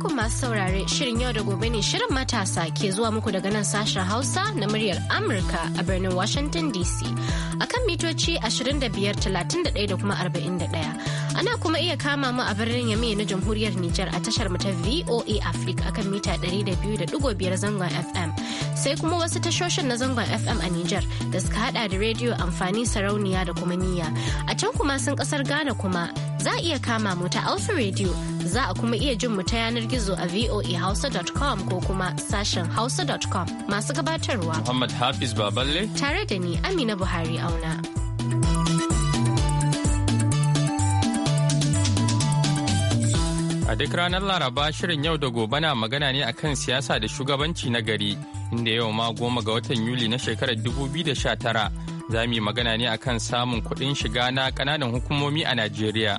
alaikum masu saurare shirin yau da gobe ne shirin matasa ke zuwa muku daga nan sashen Hausa na muryar Amurka a birnin Washington DC akan mitoci 25,31 da kuma 41. Ana kuma iya kama mu a birnin Yame na Jamhuriyar Nijar a tashar mu ta VOA Africa akan mita 200.5 zangon FM. Sai kuma wasu tashoshin na zangon FM a Nijar da suka hada da rediyo amfani sarauniya da kuma niyya. A can kuma sun kasar Ghana kuma za a iya kama mu ta Alpha Radio za a kuma iya jin mu ta yanar gizo a voahausa.com ko kuma sashen hausa.com masu gabatarwa. Muhammad Hafiz Baballe. Tare da ni Amina Buhari auna. A duk ranar Laraba shirin yau da gobe na magana ne akan siyasa da shugabanci na gari inda yau ma goma ga watan Yuli na shekarar 2019 za mu yi magana ne akan samun kuɗin shiga na ƙananan hukumomi a Najeriya.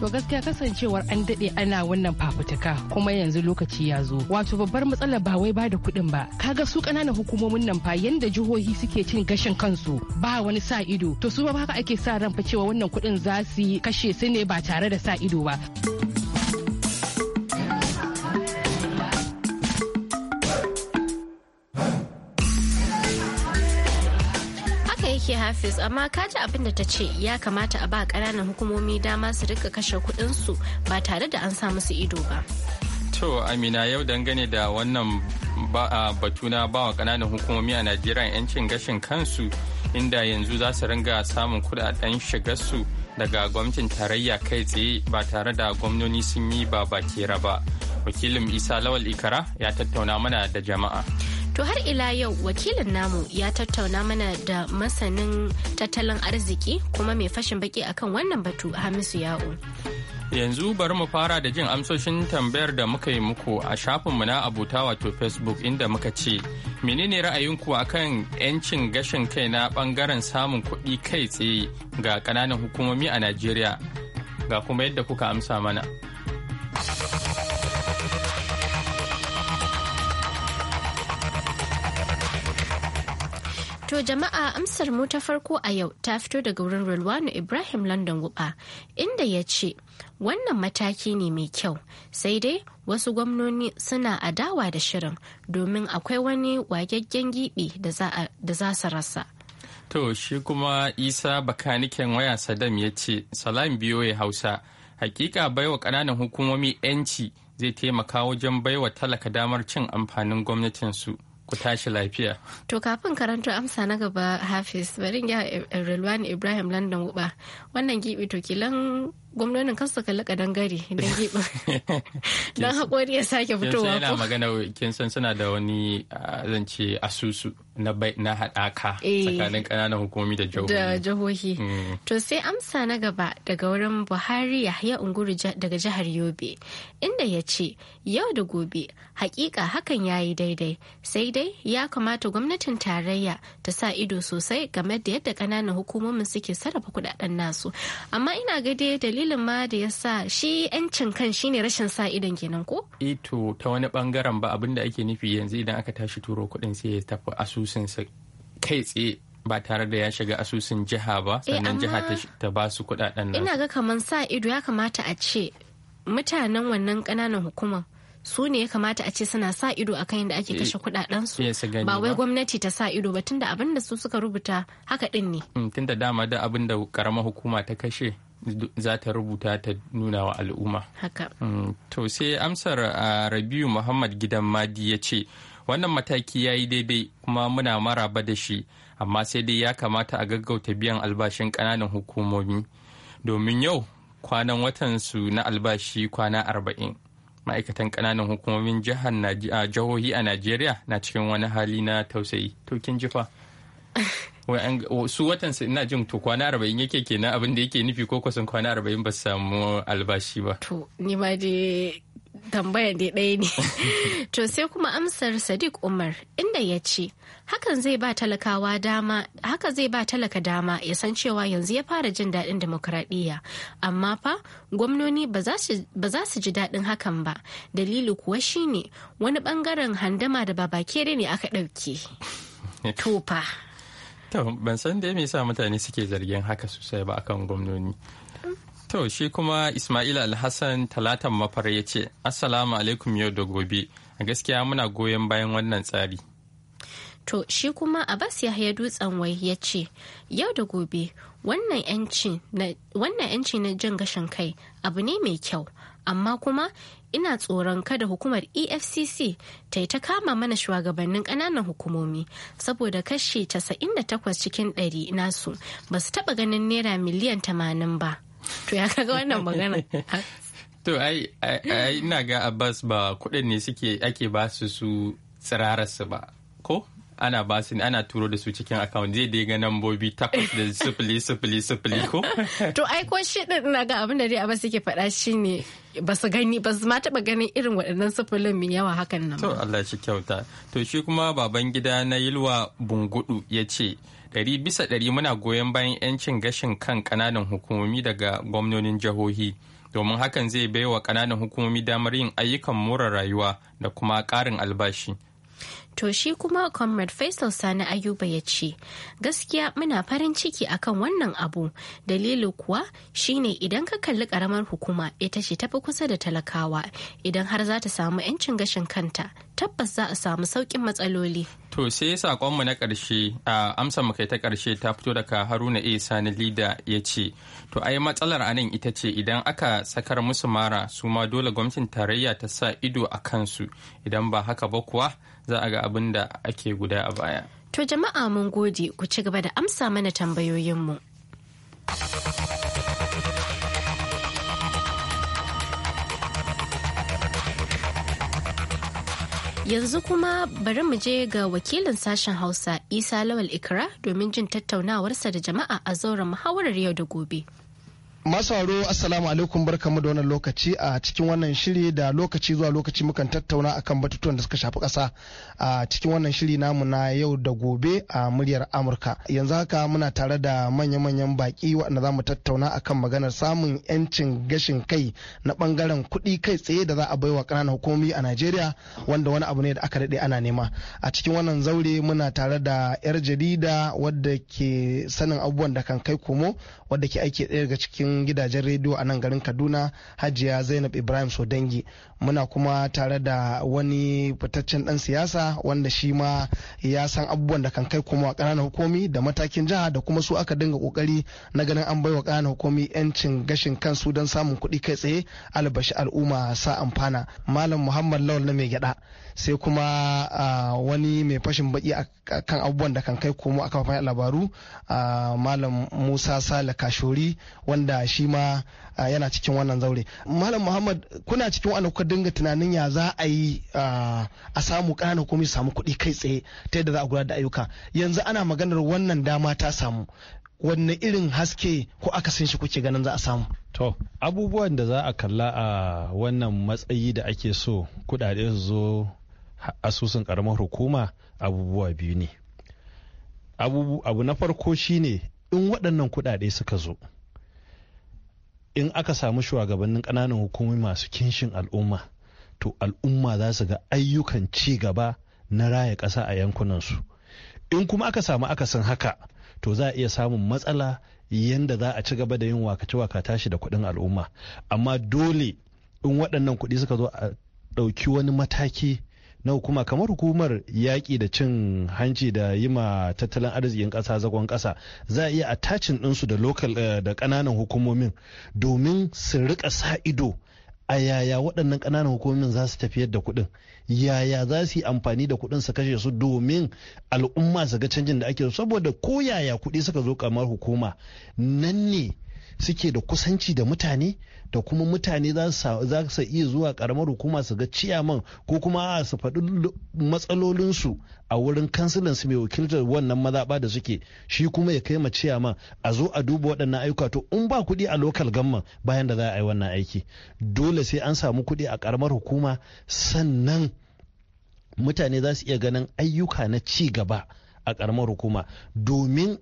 To gaskiya kasancewar an daɗe ana wannan fafutuka kuma yanzu lokaci ya zo. Wato babbar matsalar ba wai ba da kuɗin ba. ka ga su ƙananan hukumomin nan fa yanda jihohi suke cin gashin kansu ba wani sa ido. To su ba haka ake sa ran fa cewa wannan kuɗin za su kashe su ne ba tare da sa ido ba. hafiz amma ka ji abin da ta ce ya kamata a ba ƙananan hukumomi dama su rika kashe kuɗinsu ba tare da an sa musu ido ba to amina yau dangane da wannan batu na ba wa ƙananan hukumomi a najeriya 'yancin gashin kansu inda yanzu za su ringa samun kuɗaɗen shigarsu daga gwamnatin tarayya kai tsaye ba tare da gwamnoni sun yi ba bakera ba wakilin isa lawal ikara ya tattauna mana da jama'a To har ila yau wakilin namu ya tattauna mana da masanin tattalin arziki kuma mai fashin baki akan wannan batu Hamisu Ya'u. Yanzu bari mu fara da jin amsoshin tambayar da muka yi muku a shafinmu na abota wato Facebook inda muka ce, menene ra'ayinku akan 'yancin gashin kai na bangaren samun kuɗi kai tsaye ga kananan hukumomi a Najeriya? Ga kuma yadda kuka amsa mana. To jama'a amsar mu ta farko a yau ta fito daga wurin Rulwanu Ibrahim London Guba inda ya ce wannan mataki ne mai kyau sai dai wasu gwamnoni suna adawa da shirin domin akwai wani wagaggen gibi da za su rasa. To shi kuma Isa bakaniken waya sadam ya ce salam biyo ya hausa hakika baiwa ƙananan hukumomi 'yanci zai taimaka wajen baiwa talaka damar cin amfanin gwamnatinsu. su. ku tashi lafiya. To kafin karanta amsa na gaba Hafiz bari ya Rilwan Ibrahim London Wuɓa, wannan gibi to kilan gwamnonin kan su kalli kadan gari don giɓa don haƙori ya sake fitowa ko. yana magana kin san suna da wani zan ce asusu na haɗaka eh. tsakanin ƙananan hukumomi da jihohi. Da jihohi. Mm. To sai amsa na gaba daga wurin Buhari Yahaya Unguru daga jihar Yobe inda ya ce yau da gobe hakika hakan ya yi daidai sai dai ya kamata gwamnatin tarayya ta sa ido sosai game da yadda ƙananan hukumomin suke sarrafa kuɗaɗen nasu amma ina ga dalilin dalilin ma da ya sa shi 'yancin kan shine rashin sa idon kenan ko? Ito eh ta wani bangaren ba abin da ake nufi yanzu idan aka tashi turo kuɗin sai ya tafi asusunsa kai tsaye ba tare da ya shiga asusun jiha ba eh, sannan jiha ta ba su kuɗaɗen nan. Ina ga kamar sa ido ya kamata a ce mutanen wannan ƙananan hukumar su ne ya kamata a ce suna sa ido a kan yadda ake eh, kashe su ba wai gwamnati ta sa ido ba tunda abin da su suka rubuta haka din ne mm, tunda dama da abin da karamar hukuma ta kashe za ta rubuta ta nuna wa al'umma. Haka. Mm, to sai amsar a Rabiu Muhammad Gidan Madi ya ce, wannan mataki ya yi daidai kuma muna maraba da shi, amma sai dai ya kamata a gaggauta biyan albashin ƙananan hukumomi. Domin yau kwanan watan su na albashi kwana arba'in. ma'aikatan kananan hukumomin jihar jihohi a najeriya na cikin wani hali na tausayi to kin jifa su watan ina jin to kwana arba'in yake kenan abin da yake nufi ko kusan kwana arba'in ba samu albashi ba. To ni ma dai tambaya dai ɗaya ne. to sai kuma amsar Sadiq Umar inda ya ce hakan zai ba talakawa dama haka zai ba talaka dama ya san cewa yanzu ya fara jin daɗin demokradiyya amma fa gwamnoni ba za su ji daɗin hakan ba dalili kuwa shine wani bangaren handama da babakere ne aka ɗauke. Tufa. to ban san da me yasa mutane suke zargin haka sosai ba akan gwamnoni to shi kuma ismail alhassan talatan mafar ya ce assalamu alaikum yau da gobe a gaskiya muna goyon bayan wannan tsari to shi kuma abbas yahya dutsen wai ya ce yau da gobe wannan 'yanci na jin gashin kai abu ne mai kyau amma kuma ina tsoron kada hukumar efcc ta yi ta kama mana shugabannin ƙananan hukumomi saboda kashi 98 cikin 100 nasu ba su taɓa ganin naira miliyan 80 ba to ya kaga wannan magana to ai ina ga abbas ba kuɗin ne suke ake ba su su tsirararsu ba ko ana ba su ana turo da su cikin account zai dai ga nambobi takwas da sufuli sufuli sufuli ko to ai ko shi na ga abin da dai abas yake faɗa ne ba su gani ba su ma taɓa ganin irin waɗannan sufulin mai yawa hakan nan to Allah shi kyauta to shi kuma baban gida na Yilwa Bungudu ya ce ɗari bisa ɗari muna goyon bayan 'yancin gashin kan kananan hukumomi daga gwamnonin jihohi domin hakan zai baiwa ƙananan hukumomi damar yin ayyukan more rayuwa da kuma ƙarin albashi To shi kuma Comrade Faisal Sani Ayuba ya ce, gaskiya muna farin ciki akan wannan abu, dalilin kuwa shine idan ka kalli karamar hukuma ita ce tafi kusa da talakawa idan har za ta samu 'yancin gashin kanta tabbas za a samu saukin matsaloli. To sai saƙonmu na ƙarshe a amsa mu kai ta ƙarshe ta fito daga Haruna A Sani Lida ya ce, to ai matsalar anan ita ce idan aka sakar musu mara su ma dole gwamnatin tarayya ta sa ido a kansu idan ba haka ba kuwa za a ga abin da ake guda a baya. To jama'a mun gode ku ci gaba da amsa mana tambayoyinmu. Yanzu kuma bari mu je ga wakilin sashen Hausa Isa Lawal Ikra domin jin tattaunawarsa da jama'a a zauren muhawarar yau da gobe. masu haro assalamu alaikum barkamu da wannan lokaci a cikin wannan shiri da lokaci zuwa lokaci mukan tattauna akan batutuwan da suka shafi ƙasa a cikin wannan shiri namu na yau da gobe a muryar amurka yanzu haka muna tare da manya-manyan baki waɗanda za mu tattauna akan maganar samun 'yancin gashin kai na bangaren kuɗi kai tsaye da za a baiwa ƙananan hukumomi a najeriya wanda wani abu ne da aka daɗe ana nema a cikin wannan zaure muna tare da 'yar jarida wadda ke sanin abubuwan da kan kai komo wadda ke aiki ɗaya daga cikin gidajen rediyo a nan garin kaduna hajiya zainab ibrahim sodangi muna kuma tare da wani fitaccen dan siyasa wanda shi ma ya san abubuwan da kan kai kuma a ƙananan hukumi da matakin jiha da kuma su aka dinga kokari na ganin an baiwa ƙananan hukumi yancin gashin kansu don samun kuɗi kai tsaye albashi al'umma sa amfana malam muhammad lawal na mai gyada sai kuma wani mai fashin baki kan abubuwan da kan kai komo a kafafen labaru malam musa sale kashori wanda shi ma yana cikin wannan zaure malam muhammad kuna cikin wanda kuka dinga tunanin ya za a yi a samu ƙananan komai su samu kuɗi kai tsaye ta yadda za a gudanar da ayyuka yanzu ana maganar wannan dama ta samu wanne irin haske ko aka akasin shi kuke ganin za a samu to abubuwan da za a kalla a wannan matsayi da ake so kudade su zo asusun karamar hukuma abubuwa biyu ne abu na farko shine in waɗannan kuɗaɗe suka zo in aka samu shugabannin ƙananan hukumi masu kinshin al'umma to al'umma za su ga ayyukan ci gaba na raya ƙasa a yankunansu in kuma aka samu akasin haka to za a iya samun matsala yanda za a ci gaba da yin wakaci waka tashi da kuɗin al'umma amma dole in waɗannan kuɗi suka zo a ɗauki wani mataki na hukuma kamar hukumar yaƙi da cin hanci da yi ma tattalin arzikin ƙasa zagon ƙasa za a iya attacin ɗinsu da lokal eh, da ƙananan hukumomin domin su rika sa ido a yaya waɗannan ƙananan hukumomin za su tafiyar da kuɗin yaya za su yi amfani da kuɗin su kashe su domin al'umma su ga canjin da ake saboda ko yaya kuɗi suka zo kamar hukuma nan ne suke da kusanci da mutane da kuma mutane za su iya zuwa karamar hukuma su ga ciyaman ko kuma a su faɗi matsalolinsu a wurin kansilan su mai wakiltar wannan mazaɓa da suke shi kuma ya kai ma ciyaman a zo a duba waɗannan ayyuka to in ba kuɗi a lokal gamman bayan da za a yi wannan aiki dole sai an samu kuɗi a karamar hukuma sannan mutane za su iya ganin ayyuka na ci gaba a karamar hukuma domin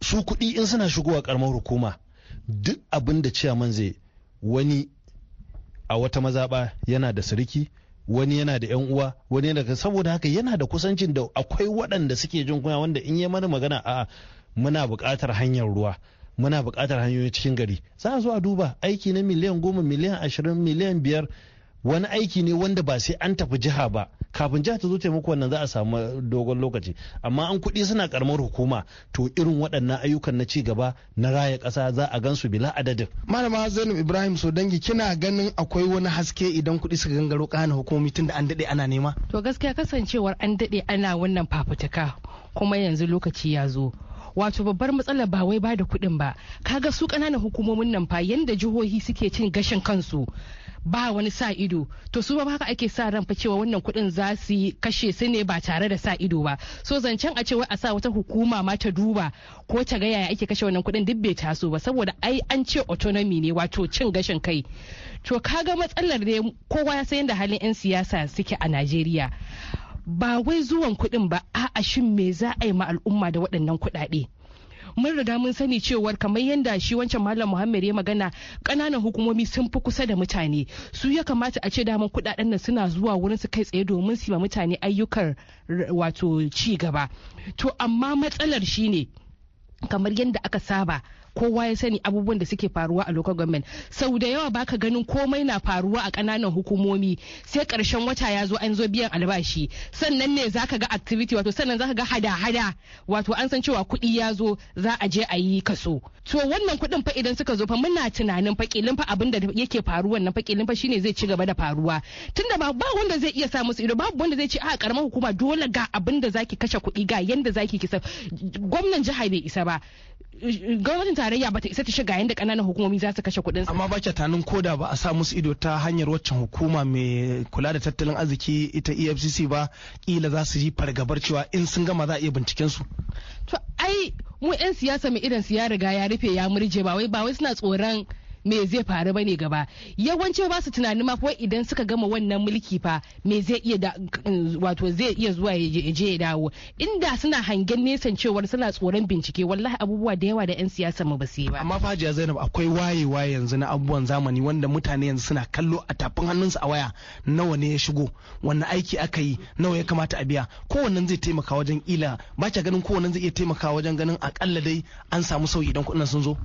su kuɗi in suna shigowa karamar hukuma duk abin da ciyaman zai wani a wata mazaɓa yana da siriki wani yana da yan uwa wani da saboda haka yana da kusancin da akwai waɗanda suke jin kunya wanda in yi mana magana a muna buƙatar hanyar ruwa muna buƙatar hanyoyin cikin gari za a zo a duba aiki na miliyan goma miliyan ashirin miliyan biyar wani aiki ne wanda ba sai an tafi jiha ba kafin jiha ta zo taimako wannan za a samu dogon lokaci amma an kuɗi suna karamar hukuma to irin waɗannan ayyukan na ci gaba na raya ƙasa za a gansu bila adadin malama zainab ibrahim so dangi kina ganin akwai wani haske idan kuɗi suka gangaro kana hukumomi tunda an daɗe ana nema to gaskiya kasancewar an daɗe ana wannan fafutuka kuma yanzu lokaci ya zo wato babbar matsalar ba wai ba da kuɗin ba kaga su ƙananan hukumomin nan fa yanda jihohi suke cin gashin kansu ba wani sa ido to su ba haka ake sa ran fa cewa wannan kuɗin za su kashe su ne ba tare da sa ido ba so zancen a ce cewa a sa wata hukuma ma ta duba ko ta ga yaya ake kashe wannan kuɗin duk bai taso ba saboda ai an ce autonomy ne wato cin gashin kai to kaga matsalar ne kowa ya san yadda halin 'yan siyasa suke a Najeriya ba wai zuwan kuɗin ba a'a shin me za a yi ma al'umma da waɗannan kuɗaɗe mun riga mun sani cewar kamar yadda shi wancan malam muhammad ya magana kananan hukumomi sun fi kusa da mutane su ya kamata a ce daman kuɗaɗen nan suna zuwa wurin su kai tsaye domin su ma mutane ayyukan wato ci gaba to amma matsalar shine kamar yadda aka saba kowa ya sani abubuwan da suke faruwa a local government sau da yawa baka ganin komai na faruwa a kananan hukumomi sai karshen wata ya zo an zo biyan albashi sannan ne zaka ga activity wato sannan zaka ga hada-hada wato an san cewa kuɗi ya zo za a je a yi kaso to wannan kuɗin fa idan suka zo fa muna tunanin fa kilin fa abin da yake faruwa nan fa kilin fa shine zai ci gaba da faruwa tunda ba ba wanda zai iya sa musu ido babu wanda zai ce a karamar hukuma dole ga abin da zaki kashe kuɗi ga yanda zaki kisa gwamnan jiha bai isa ba gwamnatin tarayya ba ta isa ta shiga yadda kananan hukumomi za su kashe kuɗin amma ba tanin koda ba a sa musu ido ta hanyar waccan hukuma mai kula da tattalin arziki ita efcc ba kila za su yi fargabar cewa in sun gama za a iya binciken su to ai mu yan siyasa mai irin su ya riga ya rufe ya murje ba wai ba wai suna tsoron me zai faru bane gaba yawanci ba su tunani ma fa idan suka gama wannan mulki fa me zai iya wato zai iya zuwa ya je ya dawo inda suna hangen nesan cewar suna tsoron bincike wallahi abubuwa da yawa da yan siyasa mu ba su yi ba amma fajiya Zainab akwai wayewa yanzu na abubuwan zamani wanda mutane yanzu suna kallo a tafin hannunsu a waya nawa ne ya shigo wanne aiki aka yi nawa ya kamata a biya kowannen zai taimaka wajen ila ba kya ganin kowannen zai iya taimaka wajen ganin akalla dai an samu sauyi idan kuɗin sun zo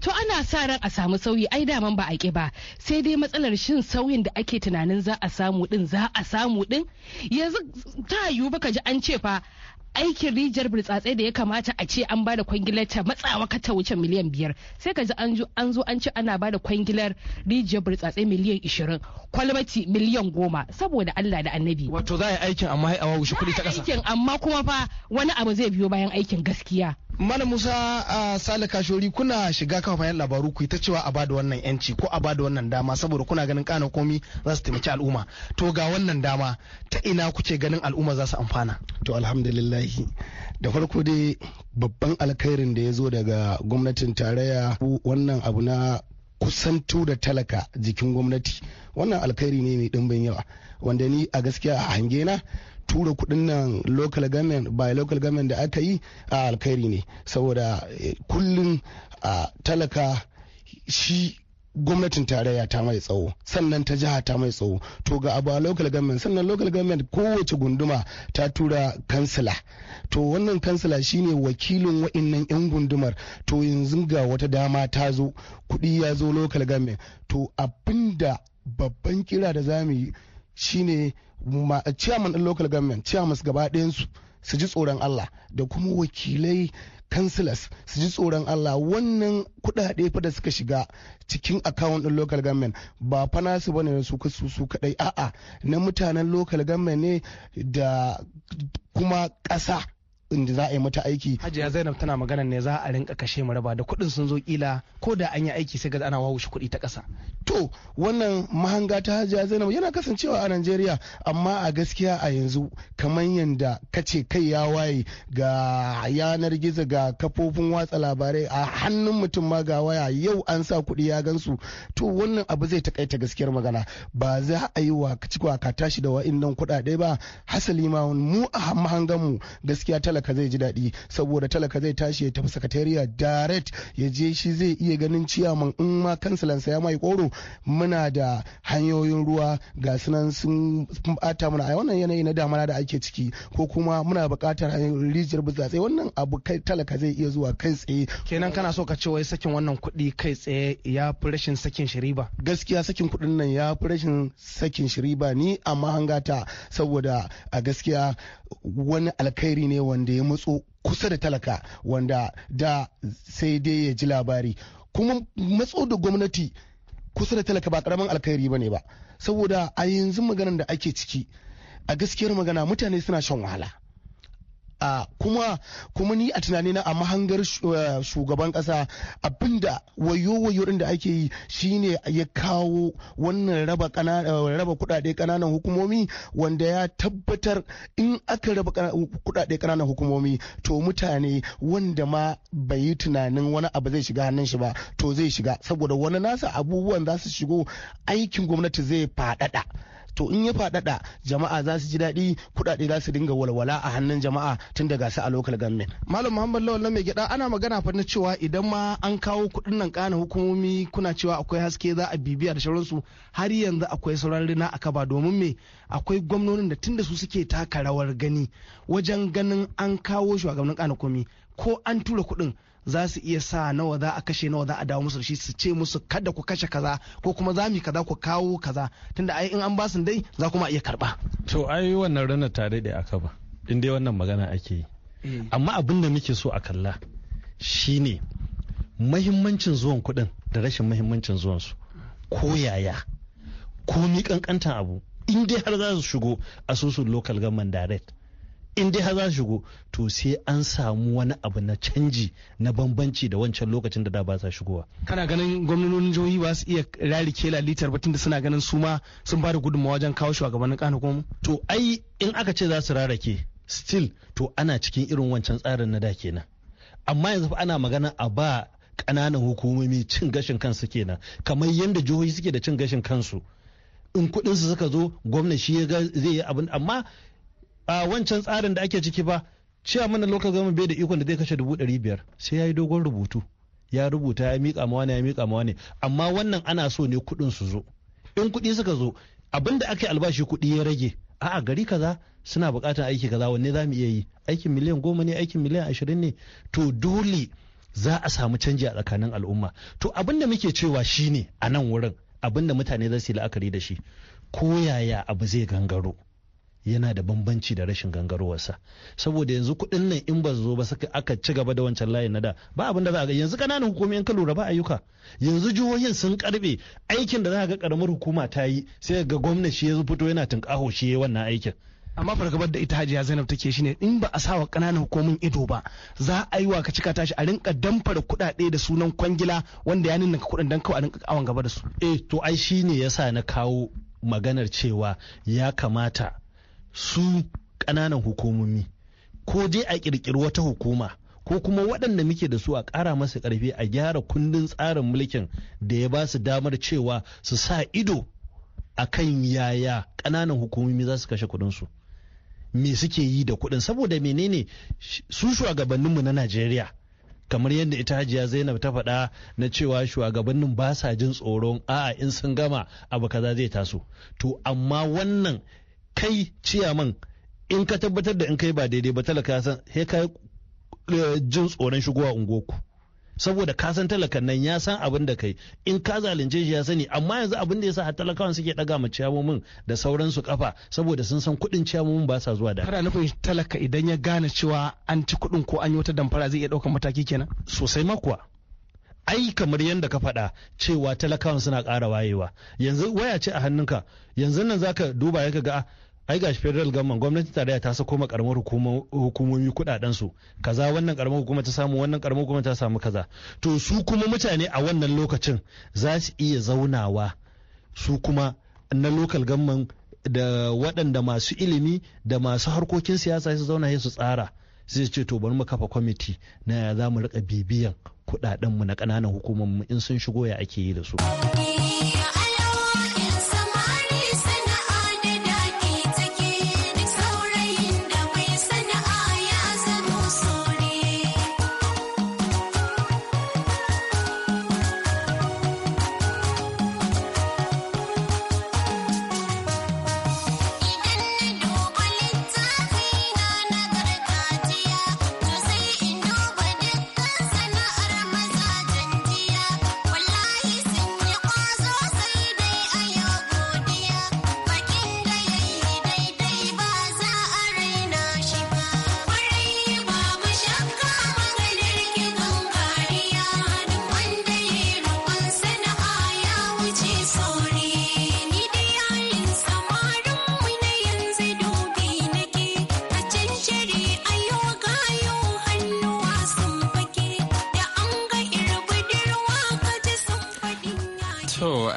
to ana sa ran a samu sauyi sauyi ai daman ba a ƙi ba sai dai matsalar shin sauyin da ake tunanin za a samu din za a samu din yanzu ta yiwu baka ji an ce fa aikin rijiyar burtsatsai da ya kamata a ce an bada kwangilar ta matsawa ka ta wuce miliyan biyar sai ka ji an zo an ce ana bada kwangilar rijiyar burtsatsai miliyan ishirin kwalmati miliyan goma saboda Allah da annabi. Wato za a yi aikin amma haihawa wuce kuɗi ta ƙasa. Aikin amma kuma fa wani abu zai biyo bayan aikin gaskiya. mana Musa a Sale Kashori kuna shiga kafafen labaru ku ta cewa a bada wannan yanci ko a bada wannan dama saboda kuna ganin kana komi za su taimaki al'umma. To ga wannan dama ta ina kuke ganin al'umma za su amfana? To alhamdulillahi da farko dai babban alkhairin da ya zo daga gwamnatin tarayya wannan abu na kusantu da talaka jikin gwamnati wannan alkhairi ne mai ɗimbin yawa wanda ni a gaskiya a hange na. tura kuɗin nan local government by local government da aka yi a alkhairi ne saboda eh, kullum a talaka shi gwamnatin tarayya ta mai tsawo sannan ta jiha ta mai tsawo to ga abu a local government sannan local government kowace gunduma ta tura kansila to wannan kansila shine wakilin wa'innan yan gundumar to yanzu ga wata dama ta zo kuɗi ya zo local government to abinda babban kira da za mu yi shine chairman din local government chairmans gaba su su ji tsoron Allah da kuma wakilai councillors su ji tsoron Allah wannan kuɗaɗe fa da suka shiga cikin account din local government ba fa nasu bane su kasu su kadai a'a na mutanen local government ne da kuma ƙasa inda za a yi mata aiki hajiya zainab tana magana ne za a rinka kashe mu raba da kuɗin sun zo kila ko da an yi aiki sai ga ana wawushe kuɗi ta ƙasa to wannan mahanga ta hajiya zainab yana kasancewa a najeriya amma a gaskiya a yanzu kamar yanda kace kai ya waye ga yanar gizo ga kafofin watsa labarai a hannun mutum ma ga waya yau an sa kuɗi ya gansu to wannan abu zai takaita gaskiyar magana ba za a yi wa ka tashi da wa'in nan kuɗaɗe ba hasali ma mu a mahangan mu gaskiya talaka talaka zai ji daɗi saboda talaka zai tashi ya tafi sakatariya direct ya je shi zai iya ganin ciyaman in ma kansilansa ya mai koro muna da hanyoyin ruwa ga sunan sun bata mana a wannan yanayi na damana da ake ciki ko kuma muna buƙatar rijiyar burtsatse wannan abu kai talaka zai iya zuwa kai tsaye kenan kana so ka ce wai sakin wannan kuɗi kai tsaye ya fi rashin sakin shiri gaskiya sakin kuɗin nan ya fi rashin sakin shiri ba ni amma hangata saboda a gaskiya wani alkhairi ne wanda ya matso kusa da talaka wanda da sai dai ya ji labari kuma matso da gwamnati kusa da talaka ba karamin alkhairi ba ne ba saboda a yanzu maganar da ake ciki a gaskiyar magana mutane suna shan wahala a kuma kuma ni a tunani na a mahangar eh, shugaban kasa abinda wayo wayo da ake yi shine ya kawo wannan raba eh, raba kudade kananan hukumomi wanda ya tabbatar in aka raba kudade kananan hukumomi to mutane wanda ma bai yi tunanin wani abu zai shiga hannun shi ba to zai shiga saboda wani nasa abubuwan za su shigo aikin gwamnati zai faɗaɗa to in ya faɗaɗa jama'a za su ji daɗi kuɗaɗe za su dinga walwala a hannun jama'a tun daga su a local government malam muhammad lawal mai gida ana magana fa na cewa idan ma an kawo kuɗin nan kana hukumomi kuna cewa akwai haske za a bibiya da sauransu har yanzu akwai sauran rina a kaba domin me akwai gwamnonin da tunda su suke taka rawar gani wajen ganin an kawo shugabannin kana komi ko an tura kuɗin za su iya sa nawa za a kashe nawa za a dawo musu da shi su ce musu kada ku kashe kaza ko kuma za mu kaza ku kawo kaza tunda ai in an ba su dai za kuma iya karba to ai wannan rana tare da aka ba in dai wannan magana ake yi eh. amma abin da muke so a kalla shine mahimmancin zuwan kuɗin da rashin mahimmancin zuwan su ko yaya ko mi kankantan abu in dai har za su shigo asusun local government direct in dai har za su shigo to sai an samu wani abu na canji na bambanci da wancan lokacin da da ba sa shigowa kana ganin gwamnonin jihohi ba su iya rarike lalitar batun da suna ganin su ma sun ba da gudunmawa wajen kawo shugabannin kana kuma to ai in aka ce za su rarake still to ana cikin irin wancan tsarin na da kenan amma yanzu fa ana magana a ba ƙananan hukumomi cin gashin kansu kenan kamar yadda jihohi suke da cin gashin kansu in kuɗin su suka zo gwamna shi ya zai yi abin amma a wancan tsarin da ake ciki ba cewa mana local government bai da ikon da zai kashe dubu ɗari biyar sai ya yi dogon rubutu ya rubuta ya miƙa ma wani ya miƙa ma wani amma wannan ana so ne kuɗin su zo in kuɗi suka zo abin da aka yi albashi kuɗi ya rage a'a gari kaza suna buƙatar aiki kaza wanne za mu iya yi aikin miliyan goma ne aikin miliyan ashirin ne to dole za a samu canji a tsakanin al'umma to abin da muke cewa shine a nan wurin abin da mutane za su yi la'akari da shi ko yaya abu zai gangaro yana da bambanci da rashin gangarowarsa saboda yanzu kuɗin nan in ba zo ba suka aka ci gaba da wancan layin na da ba abin da za a ga yanzu ƙananan hukumomi in ka lura ayyuka yanzu jihohin sun karbe aikin da za a ga karamar hukuma ta yi sai ga gwamnati shi ya fito yana tunƙaho shi ya wannan aikin amma fargabar da ita hajiya zainab take shi ne in ba a sawa kananan hukumomin ido ba za a yi wa ka cika tashi a rinka damfara kuɗaɗe da sunan kwangila wanda ya ninka kuɗin dan kawai a rinka awon gaba da su eh to ai shine yasa na kawo maganar cewa ya kamata su ƙananan hukumomi ko dai a ƙirƙiri wata hukuma ko kuma waɗanda muke da su a ƙara masa ƙarfi a gyara kundin tsarin mulkin da ya ba su damar cewa su sa ido a kan yaya ƙananan hukumomi za su kashe kuɗinsu me suke yi da kuɗin saboda menene su shugabanninmu na najeriya kamar yadda ita hajiya zainab ta faɗa na cewa shugabannin ba sa jin tsoron a'a in sun gama abu kaza zai taso to amma wannan kai ciyaman in ka tabbatar da in kai ba daidai ba talaka ya san he kai eh, jin tsoron shigowa ungoku saboda ka san talakan nan ya san abin da kai in ka zalunce shi ya sani amma yanzu abin da ya sa talakawan suke daga ma ciyamomin da sauransu kafa saboda sun san kuɗin ciyamomin ba sa zuwa da Kada nufin talaka idan ya gane cewa an ci kuɗin ko an yi wata damfara zai iya ɗaukar mataki kenan sosai makuwa ai kamar yadda ka faɗa cewa talakawan suna ƙara wayewa yanzu waya ce a hannunka yanzu nan zaka duba ya ga ah, ai gashi federal government gwamnatin tarayya ta sako ma karamar hukumomi kudaden su kaza wannan karamar hukuma ta samu wannan karamar hukuma ta samu kaza to su kuma mutane a wannan lokacin za su iya zaunawa su kuma na local government da waɗanda masu ilimi da masu harkokin siyasa su zauna su tsara sai ce to bari mu kafa kwamiti na ya za mu rika bibiyan kuɗaɗenmu na ƙananan hukumarmu in sun shigo ya ake yi da su.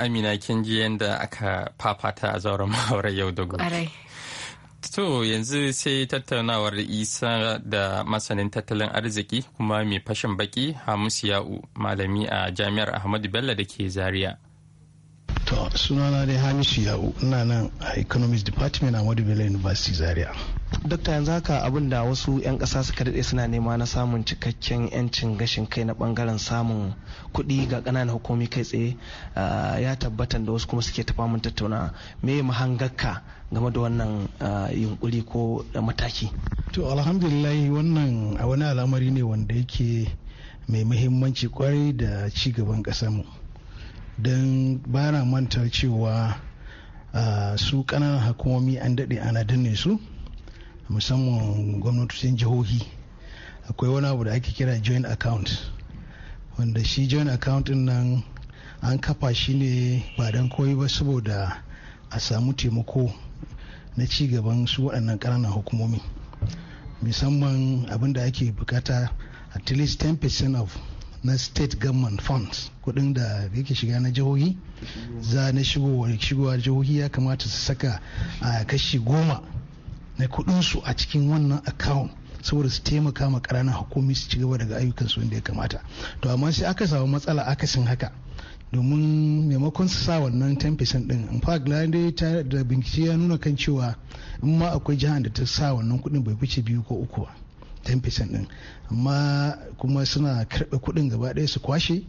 amina kin ji yadda aka fafata a zauren ma'aurar yau da gobe To yanzu sai tattaunawar isa da masanin tattalin arziki kuma mai fashin baki Hamisu Ya'u malami a jami'ar Ahmadu Bello da ke Zaria. To sunana dai Hamisu Ya'u ina nan a Economics Department Ahmadu Bello University Zaria. dokta yanzu haka abin da wasu 'yan ƙasa suka daɗe suna nema na samun cikakken 'yancin gashin kai na bangaren samun kuɗi ga ƙananan hukumi kai tsaye ah, ya tabbatar da wasu kuma suke tafa mun tattauna me mahangakka game da wannan ah, yunkuri ko mataki to alhamdulillah wannan a wani al'amari ne wanda yake mai muhimmanci kwarai da ci gaban mu don ba manta cewa ah, su ƙananan hukumomi an daɗe ana danne su musamman gwamnatocin jihohi akwai wani abu da ake kira joint account wanda shi joint account nan an kafa shi ne ba don koyi ba saboda a samu taimako na cigaban su waɗannan ƙananan hukumomi musamman abin da ake bukata at least 10% of na state government funds kudin da yake shiga na jihohi za na shigowa jihohi ya kamata su saka a kashi goma na kudinsu a cikin wannan account saboda su taimaka ma karanan hukumi su ci gaba daga ayyukan su wanda ya kamata to amma sai aka samu matsala akasin haka domin maimakon su sa wannan 10% din in fact lande ta da bincike ya nuna kan cewa in ma akwai jihar da ta sa wannan kudin bai fice biyu ko uku ba 10% din amma kuma suna karɓe kudin gaba ɗaya su kwashe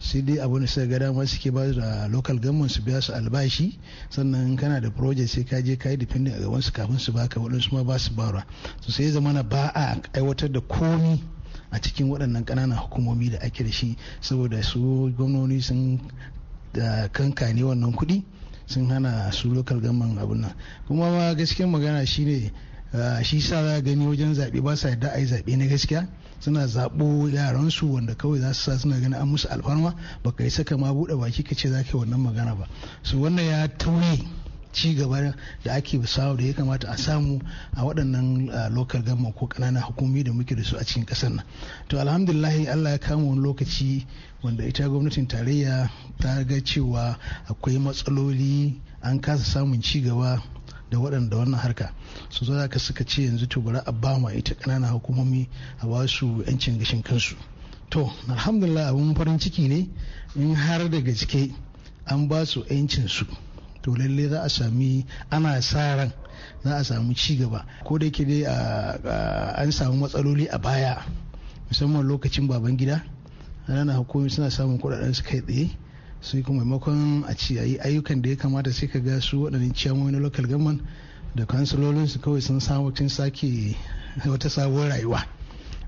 sai dai abu ne sai ga dama suke ba da local government su biya su albashi sannan kana da project sai ka je ka yi dependent a kafin su baka waɗansu ma ba su bara to sai na ba a aiwatar da komi a cikin waɗannan ƙananan hukumomi da ake da shi saboda su gwamnoni sun kankane wannan kuɗi sun hana su local government abun nan kuma ma gaskiyar magana shine ah, shi sa za gani wajen zaɓe ba sa da a yi zaɓe na gaskiya suna zaɓo yaransu wanda kawai za su sa suna ganin an musu alfarma ba ka yi saka ma buɗe baki ka ce za ka yi wannan magana ba su wannan ya tauye ci gaba da ake samu da ya kamata a samu a waɗannan ah, lokal gama ko ƙananan hukumi da muke da su a cikin ƙasar nan to alhamdulillahi allah ya kama wani lokaci wanda ita gwamnatin tarayya ta ga cewa akwai matsaloli an kasa samun ci gaba da waɗanda wannan harka su zo ka suka ce yanzu to bari a ba mu ita ƙananan hukumomi a ba su 'yancin gashin kansu to alhamdulillah abin farin ciki ne in har da gaske an ba su 'yancin su to lalle za a sami ana sa ran za a samu ci gaba ko da yake dai an samu matsaloli a baya musamman lokacin baban gida ranar hukumomi suna samun kudaden su kai tsaye sai kuma maimakon a ce ayyukan da ya kamata sai ka ga su waɗannan ciyamomi na local government da kansulolinsu kawai sun samu cin sake wata sabuwar rayuwa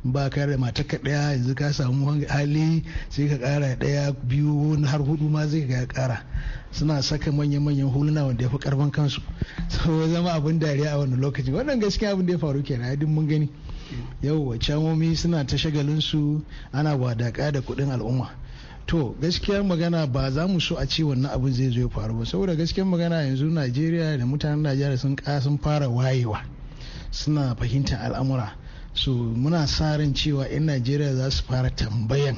ba ka da mata ka daya yanzu ka samu hali sai ka kara daya biyu har hudu ma zai ka kara suna saka manyan-manyan huluna wanda ya fi kansu sau zama abin dariya a wani lokaci wannan gaskiya abin da ya faru kenan duk mun gani yau camomi suna ta shagalinsu ana wadaka da kuɗin al'umma to gaskiyar magana ba za mu so a ce wannan abin zai zo ya faru ba saboda gaskiyar magana yanzu najeriya da mutanen najeriya sun sun fara wayewa suna fahimtar al'amura so muna sa ran cewa 'yan najeriya za su fara tambayan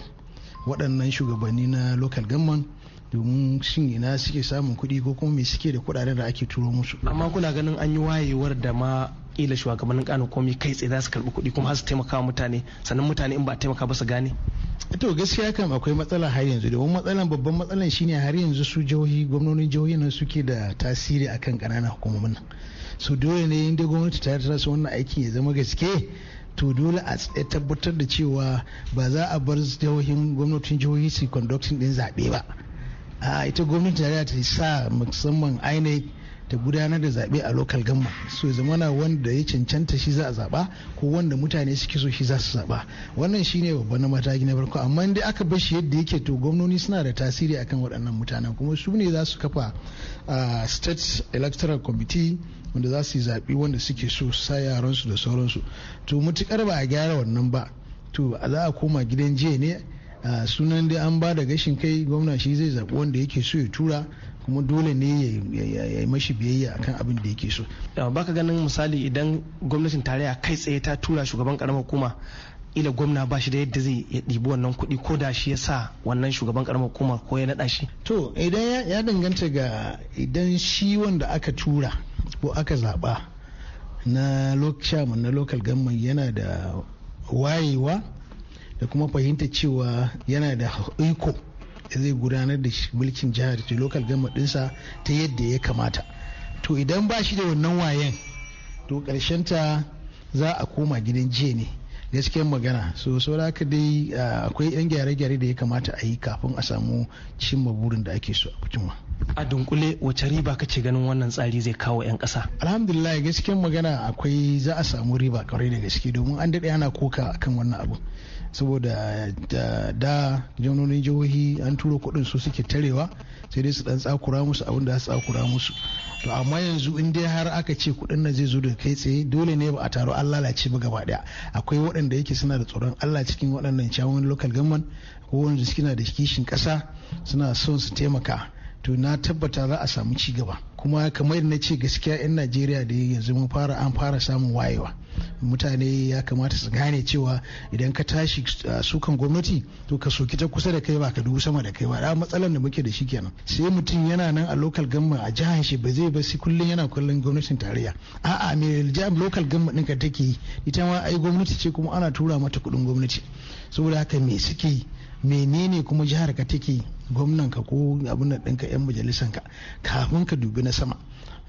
waɗannan shugabanni na local government domin shin ina suke samun kuɗi ko kuma me suke da kuɗaɗen da ake turo musu amma kuna ganin an yi wayewar da ma kila shugabannin kano komai kai tsaye za su karbi kuɗi kuma su taimaka wa mutane sannan mutane in ba taimaka ba su gane to gaskiya kam akwai matsala har yanzu domin matsalan babban matsalan shine har yanzu su jihohi gwamnonin jihohi nan suke da tasiri akan kananan hukumomin nan so dole ne inda gwamnati ta su wannan aiki ya zama gaske to dole a tabbatar da cewa ba za a bar jihohin gwamnatin jihohi su conducting din zaɓe ba a ita gwamnati ta sa musamman ainihin ta gudanar da zaɓe a lokal gamma so ya zamana wanda ya cancanta shi za a zaɓa ko wanda mutane suke so shi za su zaɓa wannan shine babban na mataki na farko amma dai aka bar shi yadda yake to gwamnoni suna da tasiri akan waɗannan mutanen kuma su ne za su kafa state electoral committee wanda za su yi zaɓi wanda suke so su sa su da sauransu to mutukar ba a gyara wannan ba to za a koma gidan jiya ne sunan dai an ba da gashin kai gwamna shi zai zaɓi wanda yake so ya tura kuma dole ne ya yi mashi biyayya akan abin da yake so baka ganin misali idan gwamnatin tarayya kai tsaye ta tura shugaban karamar hukuma ila gwamna ba shi da yadda zai ya ɗibi wannan kuɗi ko da shi ya sa wannan shugaban karamar hukuma ko ya naɗa shi. To idan ya danganta ga idan shi wanda aka tura ko aka zaɓa na lokacin na local government yana da wayewa da kuma fahimta cewa yana da iko zai gudanar da mulkin jihar da local government dinsa ta yadda ya kamata to idan ba shi da wannan wayen to ta za a koma gidan jiya ne gaskiyar magana so saura ka dai akwai yan gyare-gyare da ya kamata a yi kafin a samu cimma burin da ake so a fitinwa a dunkule wace riba kace ganin wannan tsari zai kawo 'yan kasa alhamdulillah gaskiyar magana akwai za a samu riba kwarai da gaske domin an daɗe ana koka akan wannan abu saboda da janonin jihohi an turo kuɗin su suke tarewa sai dai su dan tsakura musu abin da su tsakura musu to amma yanzu in dai har aka ce kuɗin na zai zo da kai tsaye dole ne ba a taro an lalace ba gaba daya akwai waɗanda yake suna da tsoron Allah cikin waɗannan cawon lokal government ko wanda suna da kishin ƙasa suna son su taimaka to na tabbata za a samu ci gaba kuma kamar yadda na ce gaskiya 'yan najeriya da yanzu mun fara an fara samun wayewa mutane ya kamata su gane cewa idan ka tashi uh, sukan gwamnati to ka soki ta kusa da kai ba ka dubu sama da kai ba da matsalar da muke da shi kenan sai mutum yana nan a local government a jihar shi ba zai ba sai kullum yana kullum gwamnatin tarayya a'a me jihar local government ka take yi ita ma ai gwamnati ce kuma ana tura mata kuɗin gwamnati saboda haka me suke yi menene kuma jihar ka take gwamnan ka ko abin ɗinka 'yan majalisan ka kafin ka dubi na sama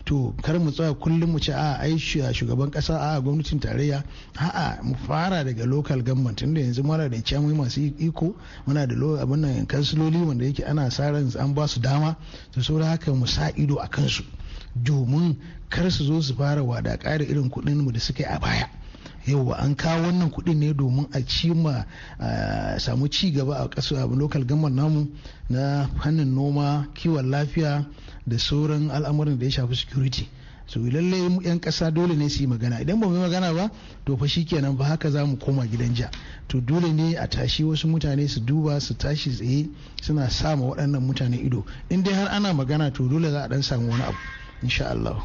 to kar mu tsaya kullum mu ce a ai shugaban kasa a gwamnatin tarayya a'a mu fara daga local government inda yanzu mara da ciyamomi masu iko muna da abin nan kansiloli wanda yake ana sa ran an ba su dama to saboda haka mu sa ido a kansu domin kar su zo su fara wada ƙara irin kuɗin mu da suka yi a baya yauwa an kawo wannan kuɗin ne domin a ci a samu ci gaba a ƙasa lokal gamar namu na fannin noma kiwon lafiya da sauran al'amuran da ya shafi security so lalle yan kasa dole ne su yi magana idan ba mu yi magana ba to fa shikenan ba haka za mu koma gidan ja to dole ne a tashi wasu mutane su duba su tashi tsaye suna sama waɗannan mutane ido in dai har ana magana to dole za a dan samu wani abu insha Allah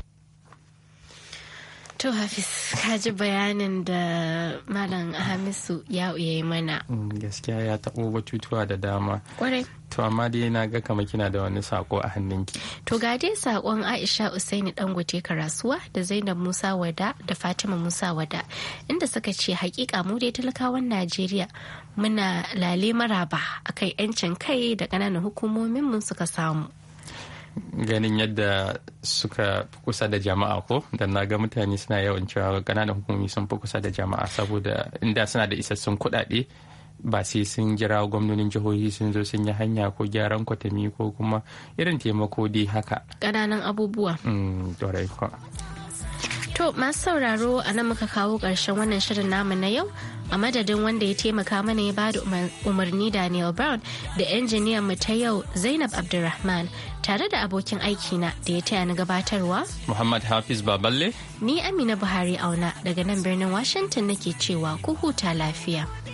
To Hafiz, ka ji bayanin da Malam Hamisu ya yi mana. Mm, gaskiya ya taɓo batutuwa da dama. Kwarai. To amma dai na ga kama kina da wani sako a hannunki. To ga dai sakon Aisha Usaini Dangote Karasuwa da Zainab Musa Wada da Fatima Musa Wada inda suka ce hakika mu dai talakawan Najeriya muna lale maraba akan 'yancin kai da ƙananan hukumomin mun suka samu. ganin yadda suka fi kusa da jama'a ko da na ga mutane suna yawan cewa ƙananan hukumomi sun fi kusa da jama'a saboda inda suna da isassun kuɗaɗe ba sai sun jira gwamnonin jihohi sun zo sun yi hanya ko gyaran kwatami ko kuma irin taimako dai haka ƙananan abubuwa mm, To masu sauraro a nan muka kawo ƙarshen wannan shirin namu na yau a madadin wanda ya taimaka mana ya bada umarni Daniel Brown da injiniyan mu ta yau Zainab Abdulrahman tare da abokin aikina da ya taya ni gabatarwa. Muhammad Hafiz Baballe. Ni Amina Buhari auna daga nan birnin Washington nake cewa ku huta lafiya.